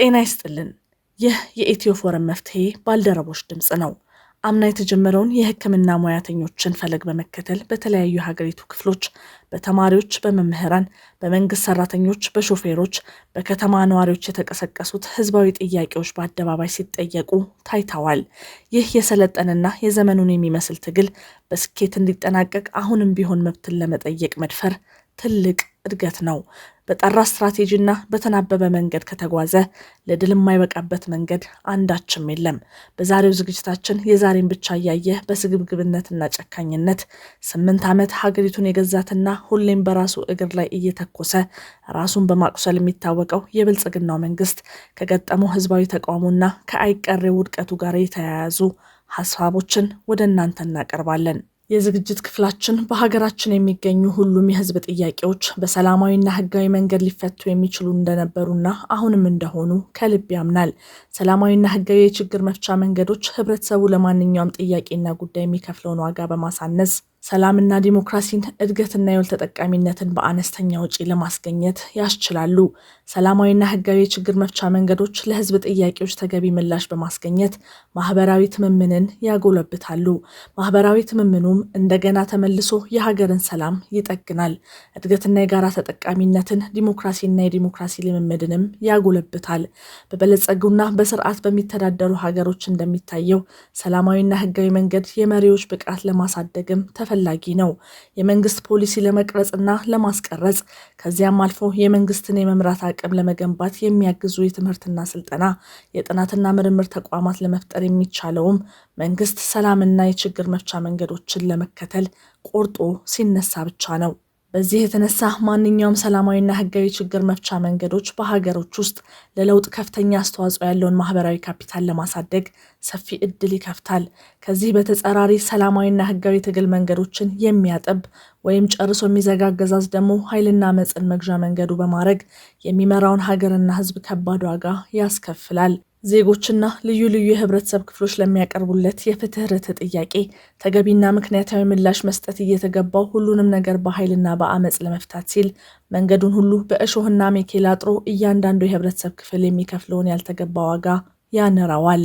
ጤና ይስጥልን። ይህ የኢትዮ ፎረም መፍትሄ ባልደረቦች ድምፅ ነው። አምና የተጀመረውን የሕክምና ሙያተኞችን ፈለግ በመከተል በተለያዩ የሀገሪቱ ክፍሎች በተማሪዎች፣ በመምህራን፣ በመንግስት ሰራተኞች፣ በሾፌሮች፣ በከተማ ነዋሪዎች የተቀሰቀሱት ህዝባዊ ጥያቄዎች በአደባባይ ሲጠየቁ ታይተዋል። ይህ የሰለጠነና የዘመኑን የሚመስል ትግል በስኬት እንዲጠናቀቅ አሁንም ቢሆን መብትን ለመጠየቅ መድፈር ትልቅ እድገት ነው። በጠራ ስትራቴጂና በተናበበ መንገድ ከተጓዘ ለድል የማይበቃበት መንገድ አንዳችም የለም። በዛሬው ዝግጅታችን የዛሬን ብቻ እያየ በስግብግብነትና ጨካኝነት ስምንት ዓመት ሀገሪቱን የገዛትና ሁሌም በራሱ እግር ላይ እየተኮሰ ራሱን በማቁሰል የሚታወቀው የብልጽግናው መንግስት ከገጠመው ህዝባዊ ተቃውሞና ከአይቀሬ ውድቀቱ ጋር የተያያዙ ሀሳቦችን ወደ እናንተ እናቀርባለን። የዝግጅት ክፍላችን በሀገራችን የሚገኙ ሁሉም የህዝብ ጥያቄዎች በሰላማዊና ህጋዊ መንገድ ሊፈቱ የሚችሉ እንደነበሩና አሁንም እንደሆኑ ከልብ ያምናል። ሰላማዊና ህጋዊ የችግር መፍቻ መንገዶች ህብረተሰቡ ለማንኛውም ጥያቄና ጉዳይ የሚከፍለውን ዋጋ በማሳነስ ሰላምና ዲሞክራሲን እድገትና የወል ተጠቃሚነትን በአነስተኛ ውጪ ለማስገኘት ያስችላሉ። ሰላማዊና ህጋዊ የችግር መፍቻ መንገዶች ለህዝብ ጥያቄዎች ተገቢ ምላሽ በማስገኘት ማህበራዊ ትምምንን ያጎለብታሉ። ማህበራዊ ትምምኑም እንደገና ተመልሶ የሀገርን ሰላም ይጠግናል። እድገትና የጋራ ተጠቃሚነትን፣ ዲሞክራሲና የዲሞክራሲ ልምምድንም ያጎለብታል። በበለጸጉና በስርዓት በሚተዳደሩ ሀገሮች እንደሚታየው ሰላማዊና ህጋዊ መንገድ የመሪዎች ብቃት ለማሳደግም ተ ተፈላጊ ነው። የመንግስት ፖሊሲ ለመቅረጽና ለማስቀረጽ ከዚያም አልፎ የመንግስትን የመምራት አቅም ለመገንባት የሚያግዙ የትምህርትና ስልጠና የጥናትና ምርምር ተቋማት ለመፍጠር የሚቻለውም መንግስት ሰላምና የችግር መፍቻ መንገዶችን ለመከተል ቆርጦ ሲነሳ ብቻ ነው። በዚህ የተነሳ ማንኛውም ሰላማዊና ህጋዊ ችግር መፍቻ መንገዶች በሀገሮች ውስጥ ለለውጥ ከፍተኛ አስተዋጽኦ ያለውን ማህበራዊ ካፒታል ለማሳደግ ሰፊ እድል ይከፍታል። ከዚህ በተጸራሪ ሰላማዊና ህጋዊ ትግል መንገዶችን የሚያጠብ ወይም ጨርሶ የሚዘጋ አገዛዝ ደግሞ ኃይልና አመፅን መግዣ መንገዱ በማድረግ የሚመራውን ሀገርና ህዝብ ከባድ ዋጋ ያስከፍላል። ዜጎችና ልዩ ልዩ የህብረተሰብ ክፍሎች ለሚያቀርቡለት የፍትህ ርትዕ ጥያቄ ተገቢና ምክንያታዊ ምላሽ መስጠት እየተገባው ሁሉንም ነገር በኃይልና በአመፅ ለመፍታት ሲል መንገዱን ሁሉ በእሾህና ሜኬላ አጥሮ እያንዳንዱ የህብረተሰብ ክፍል የሚከፍለውን ያልተገባ ዋጋ ያንረዋል።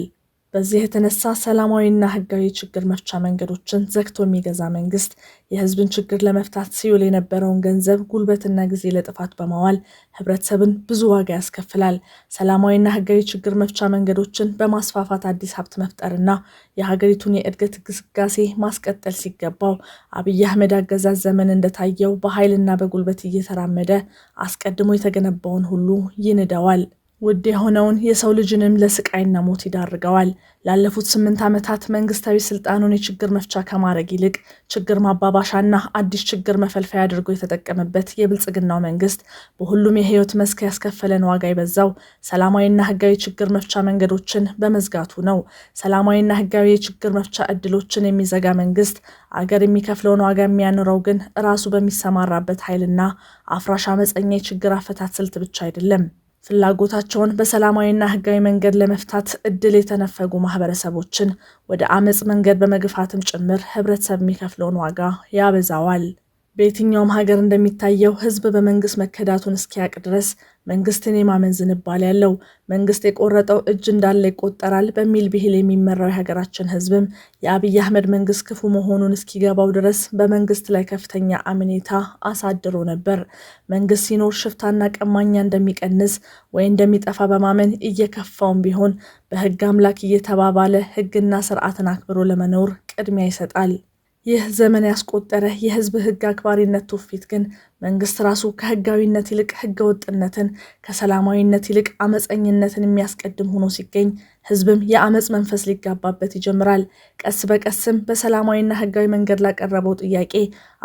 በዚህ የተነሳ ሰላማዊና ህጋዊ ችግር መፍቻ መንገዶችን ዘግቶ የሚገዛ መንግስት የህዝብን ችግር ለመፍታት ሲውል የነበረውን ገንዘብ ጉልበትና ጊዜ ለጥፋት በማዋል ህብረተሰብን ብዙ ዋጋ ያስከፍላል። ሰላማዊና ህጋዊ ችግር መፍቻ መንገዶችን በማስፋፋት አዲስ ሀብት መፍጠርና የሀገሪቱን የእድገት ግስጋሴ ማስቀጠል ሲገባው አብይ አህመድ አገዛዝ ዘመን እንደታየው በኃይልና በጉልበት እየተራመደ አስቀድሞ የተገነባውን ሁሉ ይንደዋል። ውድ የሆነውን የሰው ልጅንም ለስቃይና ሞት ይዳርገዋል። ላለፉት ስምንት ዓመታት መንግስታዊ ስልጣኑን የችግር መፍቻ ከማድረግ ይልቅ ችግር ማባባሻና አዲስ ችግር መፈልፈያ አድርጎ የተጠቀመበት የብልጽግናው መንግስት በሁሉም የህይወት መስክ ያስከፈለን ዋጋ የበዛው ሰላማዊና ህጋዊ ችግር መፍቻ መንገዶችን በመዝጋቱ ነው። ሰላማዊና ህጋዊ የችግር መፍቻ እድሎችን የሚዘጋ መንግስት አገር የሚከፍለውን ዋጋ የሚያኖረው ግን ራሱ በሚሰማራበት ኃይልና አፍራሽ አመፀኛ የችግር አፈታት ስልት ብቻ አይደለም። ፍላጎታቸውን በሰላማዊና ህጋዊ መንገድ ለመፍታት እድል የተነፈጉ ማህበረሰቦችን ወደ አመፅ መንገድ በመግፋትም ጭምር ህብረተሰብ የሚከፍለውን ዋጋ ያበዛዋል። በየትኛውም ሀገር እንደሚታየው ህዝብ በመንግስት መከዳቱን እስኪያቅ ድረስ መንግስትን የማመን ዝንባሌ ያለው መንግስት የቆረጠው እጅ እንዳለ ይቆጠራል በሚል ብሂል የሚመራው የሀገራችን ህዝብም የአብይ አህመድ መንግስት ክፉ መሆኑን እስኪገባው ድረስ በመንግስት ላይ ከፍተኛ አምኔታ አሳድሮ ነበር። መንግስት ሲኖር ሽፍታና ቀማኛ እንደሚቀንስ ወይ እንደሚጠፋ በማመን እየከፋውም ቢሆን በህግ አምላክ እየተባባለ ህግና ስርዓትን አክብሮ ለመኖር ቅድሚያ ይሰጣል። ይህ ዘመን ያስቆጠረ የህዝብ ህግ አክባሪነት ትውፊት ግን መንግስት ራሱ ከህጋዊነት ይልቅ ህገ ወጥነትን ከሰላማዊነት ይልቅ አመፀኝነትን የሚያስቀድም ሆኖ ሲገኝ ህዝብም የአመፅ መንፈስ ሊጋባበት ይጀምራል። ቀስ በቀስም በሰላማዊና ህጋዊ መንገድ ላቀረበው ጥያቄ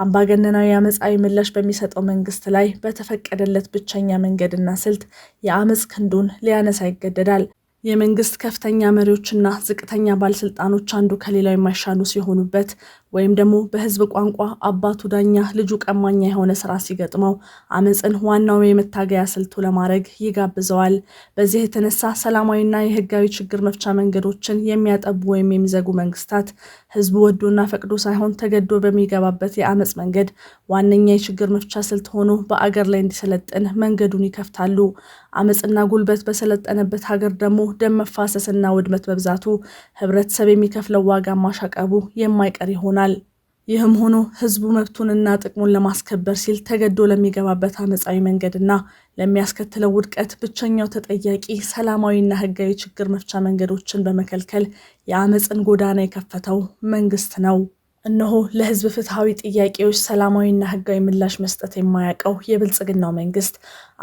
አምባገነናዊ አመፃዊ ምላሽ በሚሰጠው መንግስት ላይ በተፈቀደለት ብቸኛ መንገድና ስልት የአመፅ ክንዱን ሊያነሳ ይገደዳል። የመንግስት ከፍተኛ መሪዎችና ዝቅተኛ ባለስልጣኖች አንዱ ከሌላው የማይሻሉ ሲሆኑበት ወይም ደግሞ በህዝብ ቋንቋ አባቱ ዳኛ ልጁ ቀማኛ የሆነ ስራ ሲገጥመው አመፅን ዋናው የመታገያ ስልቱ ለማድረግ ይጋብዘዋል። በዚህ የተነሳ ሰላማዊና የህጋዊ ችግር መፍቻ መንገዶችን የሚያጠቡ ወይም የሚዘጉ መንግስታት ህዝቡ ወዶና ፈቅዶ ሳይሆን ተገዶ በሚገባበት የአመፅ መንገድ ዋነኛ የችግር መፍቻ ስልት ሆኖ በአገር ላይ እንዲሰለጥን መንገዱን ይከፍታሉ። አመፅና ጉልበት በሰለጠነበት ሀገር ደግሞ ደም መፋሰስና ውድመት መብዛቱ ህብረተሰብ የሚከፍለው ዋጋ ማሻቀቡ የማይቀር ይሆናል። ይሆናል። ይህም ሆኖ ህዝቡ መብቱንና ጥቅሙን ለማስከበር ሲል ተገዶ ለሚገባበት አመፃዊ መንገድና ለሚያስከትለው ውድቀት ብቸኛው ተጠያቂ ሰላማዊና ህጋዊ ችግር መፍቻ መንገዶችን በመከልከል የአመፅን ጎዳና የከፈተው መንግስት ነው። እነሆ ለህዝብ ፍትሐዊ ጥያቄዎች ሰላማዊና ህጋዊ ምላሽ መስጠት የማያውቀው የብልጽግናው መንግስት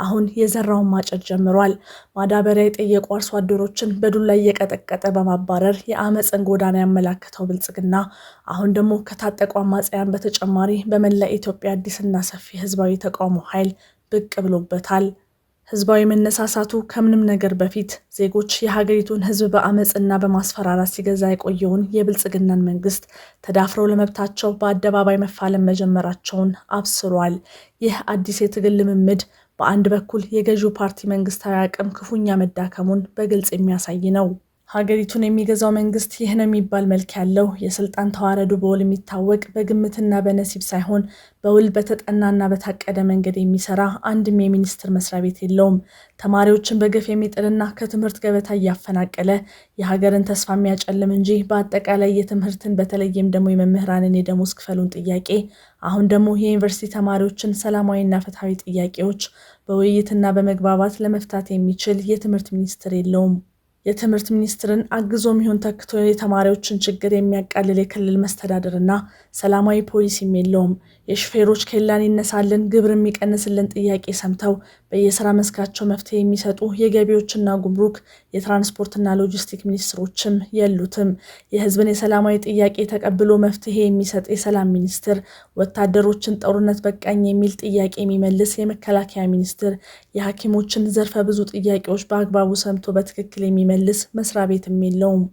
አሁን የዘራውን ማጨድ ጀምሯል። ማዳበሪያ የጠየቁ አርሶ አደሮችን በዱላ እየቀጠቀጠ በማባረር የአመፀን ጎዳና ያመላከተው ብልጽግና አሁን ደግሞ ከታጠቁ አማጽያን በተጨማሪ በመላ ኢትዮጵያ አዲስና ሰፊ ህዝባዊ ተቃውሞ ኃይል ብቅ ብሎበታል። ህዝባዊ መነሳሳቱ ከምንም ነገር በፊት ዜጎች የሀገሪቱን ህዝብ በአመፅና በማስፈራራት ሲገዛ የቆየውን የብልጽግናን መንግስት ተዳፍረው ለመብታቸው በአደባባይ መፋለም መጀመራቸውን አብስሯል። ይህ አዲስ የትግል ልምምድ በአንድ በኩል የገዢው ፓርቲ መንግስታዊ አቅም ክፉኛ መዳከሙን በግልጽ የሚያሳይ ነው። ሀገሪቱን የሚገዛው መንግስት ይህ ነው የሚባል መልክ ያለው የስልጣን ተዋረዱ በውል የሚታወቅ በግምትና በነሲብ ሳይሆን በውል በተጠናና በታቀደ መንገድ የሚሰራ አንድም የሚኒስቴር መስሪያ ቤት የለውም። ተማሪዎችን በግፍ የሚጥልና ከትምህርት ገበታ እያፈናቀለ የሀገርን ተስፋ የሚያጨልም እንጂ በአጠቃላይ የትምህርትን በተለይም ደግሞ የመምህራንን የደሞዝ ክፈሉን ጥያቄ አሁን ደግሞ የዩኒቨርሲቲ ተማሪዎችን ሰላማዊና ፍትሐዊ ጥያቄዎች በውይይትና በመግባባት ለመፍታት የሚችል የትምህርት ሚኒስቴር የለውም። የትምህርት ሚኒስትርን አግዞ የሚሆን ተክቶ የተማሪዎችን ችግር የሚያቃልል የክልል መስተዳድርና ሰላማዊ ፖሊሲም የለውም። የሹፌሮች ኬላን ይነሳልን፣ ግብር የሚቀንስልን ጥያቄ ሰምተው በየስራ መስካቸው መፍትሄ የሚሰጡ የገቢዎችና ጉምሩክ የትራንስፖርትና ሎጂስቲክ ሚኒስትሮችም የሉትም። የህዝብን የሰላማዊ ጥያቄ ተቀብሎ መፍትሄ የሚሰጥ የሰላም ሚኒስትር፣ ወታደሮችን ጦርነት በቃኝ የሚል ጥያቄ የሚመልስ የመከላከያ ሚኒስትር፣ የሐኪሞችን ዘርፈ ብዙ ጥያቄዎች በአግባቡ ሰምቶ በትክክል የሚመ የሚመልስ መስሪያ ቤትም የለውም።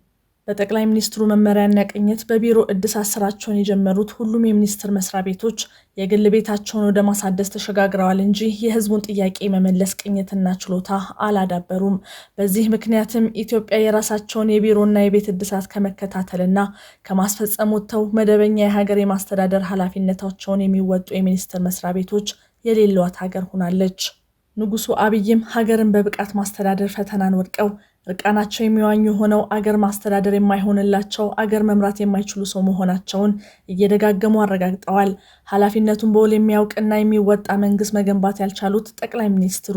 በጠቅላይ ሚኒስትሩ መመሪያና ቅኝት በቢሮ እድሳት ስራቸውን የጀመሩት ሁሉም የሚኒስቴር መስሪያ ቤቶች የግል ቤታቸውን ወደ ማሳደስ ተሸጋግረዋል እንጂ የሕዝቡን ጥያቄ መመለስ ቅኝትና ችሎታ አላዳበሩም። በዚህ ምክንያትም ኢትዮጵያ የራሳቸውን የቢሮና የቤት እድሳት ከመከታተልና ከማስፈጸም ወጥተው መደበኛ የሀገር የማስተዳደር ኃላፊነታቸውን የሚወጡ የሚኒስቴር መስሪያ ቤቶች የሌሏት ሀገር ሆናለች። ንጉሱ አብይም ሀገርን በብቃት ማስተዳደር ፈተናን ወድቀው እርቃናቸው የሚዋኙ ሆነው አገር ማስተዳደር የማይሆንላቸው አገር መምራት የማይችሉ ሰው መሆናቸውን እየደጋገሙ አረጋግጠዋል። ኃላፊነቱን በውል የሚያውቅና የሚወጣ መንግስት መገንባት ያልቻሉት ጠቅላይ ሚኒስትሩ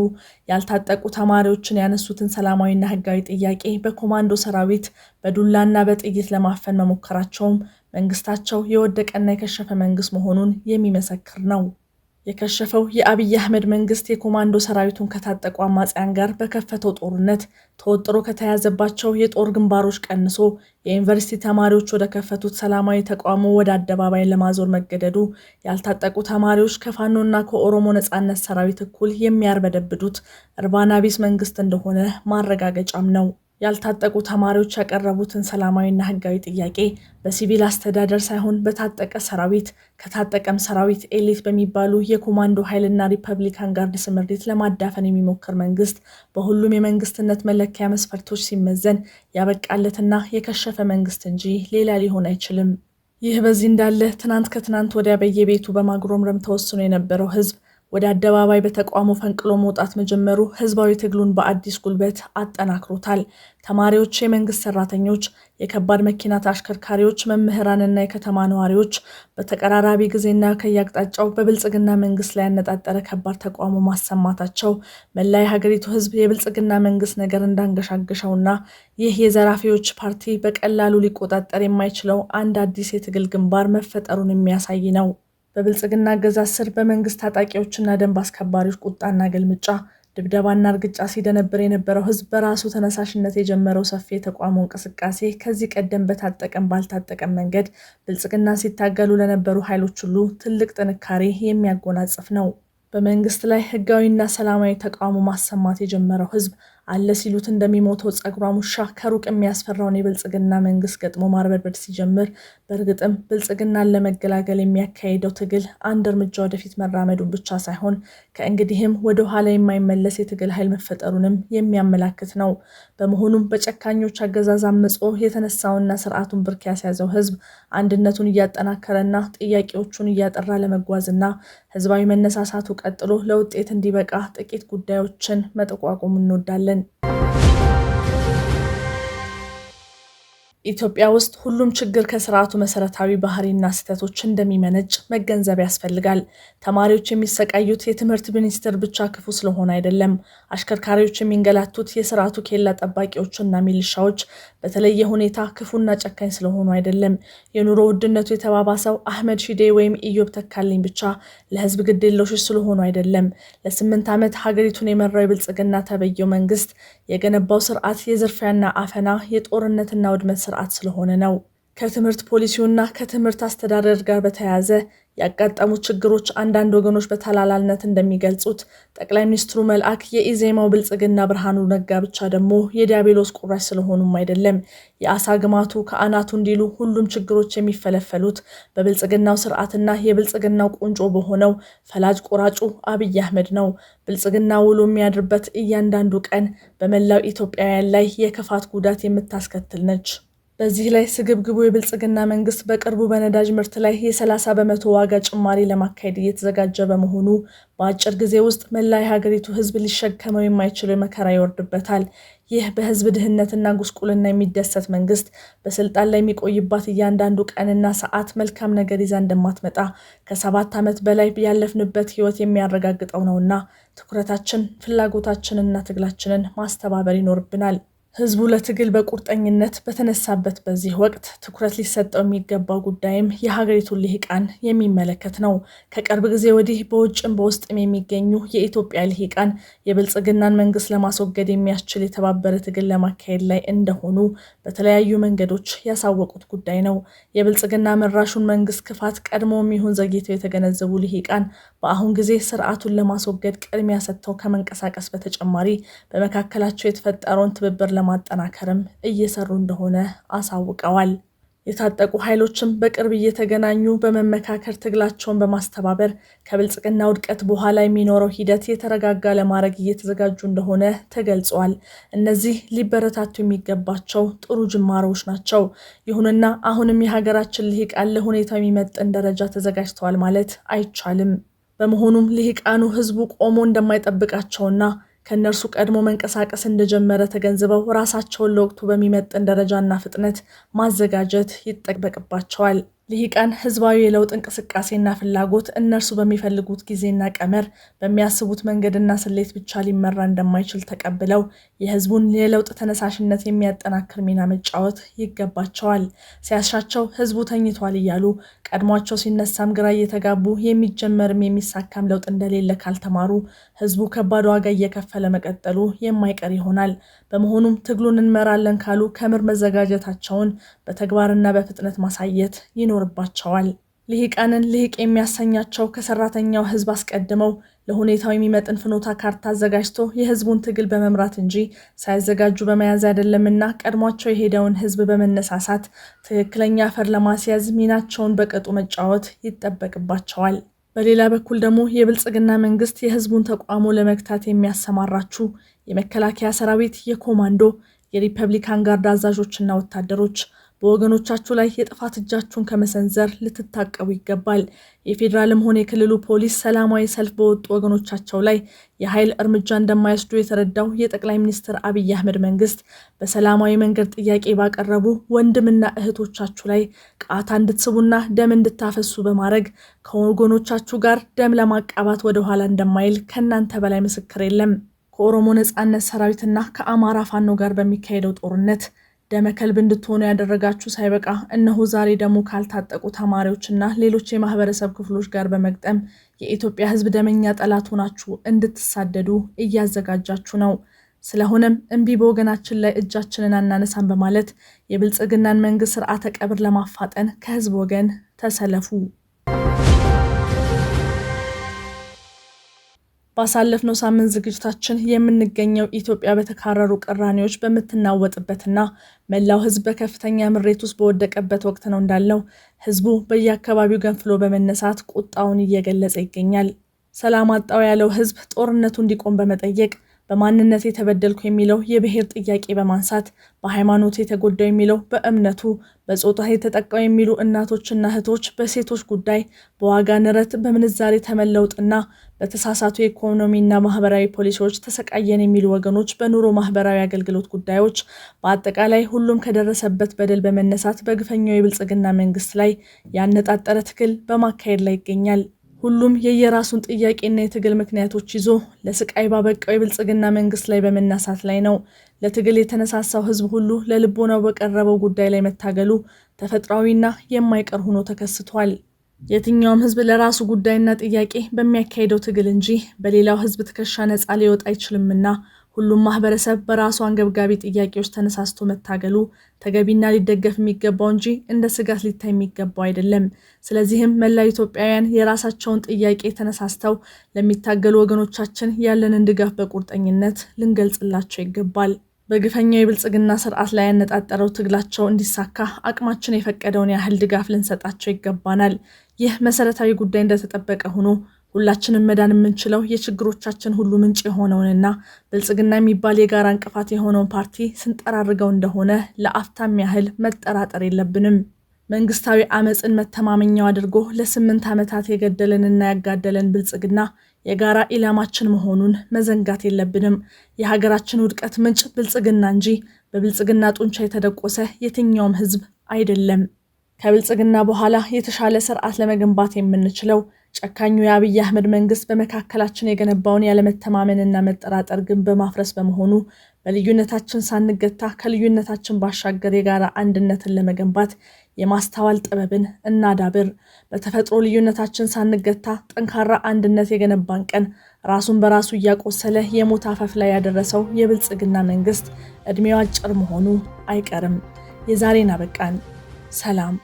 ያልታጠቁ ተማሪዎችን ያነሱትን ሰላማዊና ሕጋዊ ጥያቄ በኮማንዶ ሰራዊት በዱላና በጥይት ለማፈን መሞከራቸውም መንግስታቸው የወደቀና የከሸፈ መንግስት መሆኑን የሚመሰክር ነው። የከሸፈው የአብይ አህመድ መንግስት የኮማንዶ ሰራዊቱን ከታጠቁ አማጽያን ጋር በከፈተው ጦርነት ተወጥሮ ከተያዘባቸው የጦር ግንባሮች ቀንሶ የዩኒቨርሲቲ ተማሪዎች ወደ ከፈቱት ሰላማዊ ተቃውሞ ወደ አደባባይ ለማዞር መገደዱ ያልታጠቁ ተማሪዎች ከፋኖና ከኦሮሞ ነጻነት ሰራዊት እኩል የሚያርበደብዱት እርባና ቢስ መንግስት እንደሆነ ማረጋገጫም ነው። ያልታጠቁ ተማሪዎች ያቀረቡትን ሰላማዊና ህጋዊ ጥያቄ በሲቪል አስተዳደር ሳይሆን በታጠቀ ሰራዊት ከታጠቀም ሰራዊት ኤሊት በሚባሉ የኮማንዶ ኃይልና ሪፐብሊካን ጋርድ ስምሪት ለማዳፈን የሚሞክር መንግስት በሁሉም የመንግስትነት መለኪያ መስፈርቶች ሲመዘን ያበቃለትና የከሸፈ መንግስት እንጂ ሌላ ሊሆን አይችልም። ይህ በዚህ እንዳለ ትናንት ከትናንት ወዲያ በየቤቱ በማጉረምረም ተወስኖ የነበረው ህዝብ ወደ አደባባይ በተቃውሞ ፈንቅሎ መውጣት መጀመሩ ህዝባዊ ትግሉን በአዲስ ጉልበት አጠናክሮታል። ተማሪዎች፣ የመንግስት ሰራተኞች፣ የከባድ መኪና ተሽከርካሪዎች፣ መምህራንና የከተማ ነዋሪዎች በተቀራራቢ ጊዜና ከየአቅጣጫው በብልጽግና መንግስት ላይ ያነጣጠረ ከባድ ተቃውሞ ማሰማታቸው መላ የሀገሪቱ ህዝብ የብልጽግና መንግስት ነገር እንዳንገሻገሸውና ይህ የዘራፊዎች ፓርቲ በቀላሉ ሊቆጣጠር የማይችለው አንድ አዲስ የትግል ግንባር መፈጠሩን የሚያሳይ ነው። በብልጽግና አገዛዝ ስር በመንግስት ታጣቂዎችና ደንብ አስከባሪዎች ቁጣና ገልምጫ፣ ድብደባና እርግጫ ሲደነብር የነበረው ህዝብ በራሱ ተነሳሽነት የጀመረው ሰፊ የተቋሙ እንቅስቃሴ ከዚህ ቀደም በታጠቀም ባልታጠቀም መንገድ ብልጽግና ሲታገሉ ለነበሩ ኃይሎች ሁሉ ትልቅ ጥንካሬ የሚያጎናጽፍ ነው። በመንግስት ላይ ህጋዊና ሰላማዊ ተቃውሞ ማሰማት የጀመረው ህዝብ አለ ሲሉት እንደሚሞተው ጸጉሯ ሙሻ ከሩቅ የሚያስፈራውን የብልጽግና መንግስት ገጥሞ ማርበድበድ ሲጀምር በእርግጥም ብልጽግናን ለመገላገል የሚያካሄደው ትግል አንድ እርምጃ ወደፊት መራመዱን ብቻ ሳይሆን ከእንግዲህም ወደ ኋላ የማይመለስ የትግል ኃይል መፈጠሩንም የሚያመላክት ነው። በመሆኑም በጨካኞች አገዛዝ አምጾ የተነሳውና ስርዓቱን ብርክ ያስያዘው ህዝብ አንድነቱን እያጠናከረና ጥያቄዎቹን እያጠራ ለመጓዝና ህዝባዊ መነሳሳቱ ቀጥሎ ለውጤት እንዲበቃ ጥቂት ጉዳዮችን መጠቋቁም እንወዳለን። ኢትዮጵያ ውስጥ ሁሉም ችግር ከስርዓቱ መሰረታዊ ባህሪና ስህተቶች እንደሚመነጭ መገንዘብ ያስፈልጋል። ተማሪዎች የሚሰቃዩት የትምህርት ሚኒስቴር ብቻ ክፉ ስለሆነ አይደለም። አሽከርካሪዎች የሚንገላቱት የስርዓቱ ኬላ ጠባቂዎችና ሚሊሻዎች በተለየ ሁኔታ ክፉና ጨካኝ ስለሆኑ አይደለም። የኑሮ ውድነቱ የተባባሰው አህመድ ሺዴ ወይም ኢዮብ ተካልኝ ብቻ ለህዝብ ግዴለሾች ስለሆኑ አይደለም። ለስምንት ዓመት ሀገሪቱን የመራው የብልጽግና ተበየው መንግስት የገነባው ስርዓት የዝርፊያና አፈና የጦርነትና ውድመት ስርዓት ስለሆነ ነው። ከትምህርት ፖሊሲውና ከትምህርት አስተዳደር ጋር በተያያዘ ያጋጠሙት ችግሮች አንዳንድ ወገኖች በተላላልነት እንደሚገልጹት ጠቅላይ ሚኒስትሩ መልአክ የኢዜማው ብልጽግና ብርሃኑ ነጋ ብቻ ደግሞ የዲያብሎስ ቁራሽ ስለሆኑም አይደለም። የአሳ ግማቱ ከአናቱ እንዲሉ ሁሉም ችግሮች የሚፈለፈሉት በብልጽግናው ስርዓትና የብልጽግናው ቁንጮ በሆነው ፈላጅ ቆራጩ አብይ አህመድ ነው። ብልጽግና ውሎ የሚያድርበት እያንዳንዱ ቀን በመላው ኢትዮጵያውያን ላይ የክፋት ጉዳት የምታስከትል ነች። በዚህ ላይ ስግብግቡ የብልጽግና መንግስት በቅርቡ በነዳጅ ምርት ላይ የ30 በመቶ ዋጋ ጭማሪ ለማካሄድ እየተዘጋጀ በመሆኑ በአጭር ጊዜ ውስጥ መላ የሀገሪቱ ህዝብ ሊሸከመው የማይችለው መከራ ይወርድበታል። ይህ በህዝብ ድህነትና ጉስቁልና የሚደሰት መንግስት በስልጣን ላይ የሚቆይባት እያንዳንዱ ቀንና ሰዓት መልካም ነገር ይዛ እንደማትመጣ ከሰባት ዓመት በላይ ያለፍንበት ህይወት የሚያረጋግጠው ነውና ትኩረታችን፣ ፍላጎታችንና ትግላችንን ማስተባበር ይኖርብናል። ህዝቡ ለትግል በቁርጠኝነት በተነሳበት በዚህ ወቅት ትኩረት ሊሰጠው የሚገባው ጉዳይም የሀገሪቱን ልሂቃን የሚመለከት ነው። ከቅርብ ጊዜ ወዲህ በውጭም በውስጥም የሚገኙ የኢትዮጵያ ልሂቃን የብልጽግናን መንግስት ለማስወገድ የሚያስችል የተባበረ ትግል ለማካሄድ ላይ እንደሆኑ በተለያዩ መንገዶች ያሳወቁት ጉዳይ ነው። የብልጽግና መራሹን መንግስት ክፋት ቀድሞም ይሁን ዘግይተው የተገነዘቡ ልሂቃን በአሁን ጊዜ ስርዓቱን ለማስወገድ ቅድሚያ ሰጥተው ከመንቀሳቀስ በተጨማሪ በመካከላቸው የተፈጠረውን ትብብር ለማጠናከርም እየሰሩ እንደሆነ አሳውቀዋል። የታጠቁ ኃይሎችም በቅርብ እየተገናኙ በመመካከር ትግላቸውን በማስተባበር ከብልጽግና ውድቀት በኋላ የሚኖረው ሂደት የተረጋጋ ለማድረግ እየተዘጋጁ እንደሆነ ተገልጿል። እነዚህ ሊበረታቱ የሚገባቸው ጥሩ ጅማሮዎች ናቸው። ይሁንና አሁንም የሀገራችን ልሂቃን ለሁኔታው የሚመጥን ደረጃ ተዘጋጅተዋል ማለት አይቻልም። በመሆኑም ልሂቃኑ ህዝቡ ቆሞ እንደማይጠብቃቸውና ከእነርሱ ቀድሞ መንቀሳቀስ እንደጀመረ ተገንዝበው ራሳቸውን ለወቅቱ በሚመጥን ደረጃና ፍጥነት ማዘጋጀት ይጠበቅባቸዋል። ልሂቃን ህዝባዊ የለውጥ እንቅስቃሴና ፍላጎት እነርሱ በሚፈልጉት ጊዜና ቀመር በሚያስቡት መንገድና ስሌት ብቻ ሊመራ እንደማይችል ተቀብለው የህዝቡን የለውጥ ተነሳሽነት የሚያጠናክር ሚና መጫወት ይገባቸዋል። ሲያሻቸው ህዝቡ ተኝቷል እያሉ ቀድሟቸው ሲነሳም ግራ እየተጋቡ የሚጀመርም የሚሳካም ለውጥ እንደሌለ ካልተማሩ ህዝቡ ከባድ ዋጋ እየከፈለ መቀጠሉ የማይቀር ይሆናል። በመሆኑም ትግሉን እንመራለን ካሉ ከምር መዘጋጀታቸውን በተግባርና በፍጥነት ማሳየት ይኖ ይኖርባቸዋል። ልሂቃንን ልሂቅ የሚያሰኛቸው ከሰራተኛው ህዝብ አስቀድመው ለሁኔታው የሚመጥን ፍኖታ ካርታ አዘጋጅቶ የህዝቡን ትግል በመምራት እንጂ ሳያዘጋጁ በመያዝ አይደለምና ቀድሟቸው የሄደውን ህዝብ በመነሳሳት ትክክለኛ አፈር ለማስያዝ ሚናቸውን በቅጡ መጫወት ይጠበቅባቸዋል። በሌላ በኩል ደግሞ የብልጽግና መንግስት የህዝቡን ተቋሙ ለመግታት የሚያሰማራችሁ የመከላከያ ሰራዊት፣ የኮማንዶ፣ የሪፐብሊካን ጋርድ አዛዦችና ወታደሮች በወገኖቻችሁ ላይ የጥፋት እጃችሁን ከመሰንዘር ልትታቀቡ ይገባል። የፌዴራልም ሆነ የክልሉ ፖሊስ ሰላማዊ ሰልፍ በወጡ ወገኖቻቸው ላይ የኃይል እርምጃ እንደማይወስዱ የተረዳው የጠቅላይ ሚኒስትር አብይ አህመድ መንግስት በሰላማዊ መንገድ ጥያቄ ባቀረቡ ወንድምና እህቶቻችሁ ላይ ቃታ እንድትስቡና ደም እንድታፈሱ በማድረግ ከወገኖቻችሁ ጋር ደም ለማቃባት ወደኋላ እንደማይል ከእናንተ በላይ ምስክር የለም። ከኦሮሞ ነጻነት ሰራዊትና ከአማራ ፋኖ ጋር በሚካሄደው ጦርነት ደመከልብ እንድትሆኑ ያደረጋችሁ ሳይበቃ እነሆ ዛሬ ደግሞ ካልታጠቁ ተማሪዎችና ሌሎች የማህበረሰብ ክፍሎች ጋር በመግጠም የኢትዮጵያ ሕዝብ ደመኛ ጠላት ሆናችሁ እንድትሳደዱ እያዘጋጃችሁ ነው። ስለሆነም እምቢ በወገናችን ላይ እጃችንን አናነሳን በማለት የብልጽግናን መንግስት ስርዓተ ቀብር ለማፋጠን ከህዝብ ወገን ተሰለፉ። ባሳለፍነው ሳምንት ዝግጅታችን የምንገኘው ኢትዮጵያ በተካረሩ ቅራኔዎች በምትናወጥበትና መላው ሕዝብ በከፍተኛ ምሬት ውስጥ በወደቀበት ወቅት ነው እንዳለው። ሕዝቡ በየአካባቢው ገንፍሎ በመነሳት ቁጣውን እየገለጸ ይገኛል። ሰላም አጣው ያለው ሕዝብ ጦርነቱ እንዲቆም በመጠየቅ በማንነት የተበደልኩ የሚለው የብሔር ጥያቄ በማንሳት በሃይማኖት የተጎዳው የሚለው በእምነቱ፣ በጾታ የተጠቃው የሚሉ እናቶችና እህቶች በሴቶች ጉዳይ በዋጋ ንረት፣ በምንዛሬ ተመለውጥና በተሳሳቱ የኢኮኖሚና ማህበራዊ ፖሊሲዎች ተሰቃየን የሚሉ ወገኖች በኑሮ ማህበራዊ አገልግሎት ጉዳዮች፣ በአጠቃላይ ሁሉም ከደረሰበት በደል በመነሳት በግፈኛው የብልጽግና መንግስት ላይ ያነጣጠረ ትግል በማካሄድ ላይ ይገኛል። ሁሉም የየራሱን ጥያቄና የትግል ምክንያቶች ይዞ ለስቃይ ባበቃው የብልጽግና መንግስት ላይ በመነሳት ላይ ነው። ለትግል የተነሳሳው ህዝብ ሁሉ ለልቦናው በቀረበው ጉዳይ ላይ መታገሉ ተፈጥሯዊና የማይቀር ሆኖ ተከስቷል። የትኛውም ህዝብ ለራሱ ጉዳይና ጥያቄ በሚያካሄደው ትግል እንጂ በሌላው ህዝብ ትከሻ ነፃ ሊወጣ አይችልምና ሁሉም ማህበረሰብ በራሱ አንገብጋቢ ጥያቄዎች ተነሳስቶ መታገሉ ተገቢና ሊደገፍ የሚገባው እንጂ እንደ ስጋት ሊታይ የሚገባው አይደለም። ስለዚህም መላው ኢትዮጵያውያን የራሳቸውን ጥያቄ ተነሳስተው ለሚታገሉ ወገኖቻችን ያለንን ድጋፍ በቁርጠኝነት ልንገልጽላቸው ይገባል። በግፈኛው የብልጽግና ስርዓት ላይ ያነጣጠረው ትግላቸው እንዲሳካ አቅማችን የፈቀደውን ያህል ድጋፍ ልንሰጣቸው ይገባናል። ይህ መሰረታዊ ጉዳይ እንደተጠበቀ ሆኖ ሁላችንም መዳን የምንችለው የችግሮቻችን ሁሉ ምንጭ የሆነውንና ብልጽግና የሚባል የጋራ እንቅፋት የሆነውን ፓርቲ ስንጠራርገው እንደሆነ ለአፍታም ያህል መጠራጠር የለብንም። መንግስታዊ አመፅን መተማመኛው አድርጎ ለስምንት ዓመታት የገደለንና ያጋደለን ብልጽግና የጋራ ኢላማችን መሆኑን መዘንጋት የለብንም። የሀገራችን ውድቀት ምንጭ ብልጽግና እንጂ በብልጽግና ጡንቻ የተደቆሰ የትኛውም ህዝብ አይደለም። ከብልጽግና በኋላ የተሻለ ስርዓት ለመገንባት የምንችለው ጨካኙ የአብይ አህመድ መንግስት በመካከላችን የገነባውን ያለመተማመንና መጠራጠር ግን በማፍረስ በመሆኑ በልዩነታችን ሳንገታ ከልዩነታችን ባሻገር የጋራ አንድነትን ለመገንባት የማስተዋል ጥበብን እናዳብር። በተፈጥሮ ልዩነታችን ሳንገታ ጠንካራ አንድነት የገነባን ቀን ራሱን በራሱ እያቆሰለ የሞት አፈፍ ላይ ያደረሰው የብልጽግና መንግስት እድሜው አጭር መሆኑ አይቀርም። የዛሬን አበቃን። ሰላም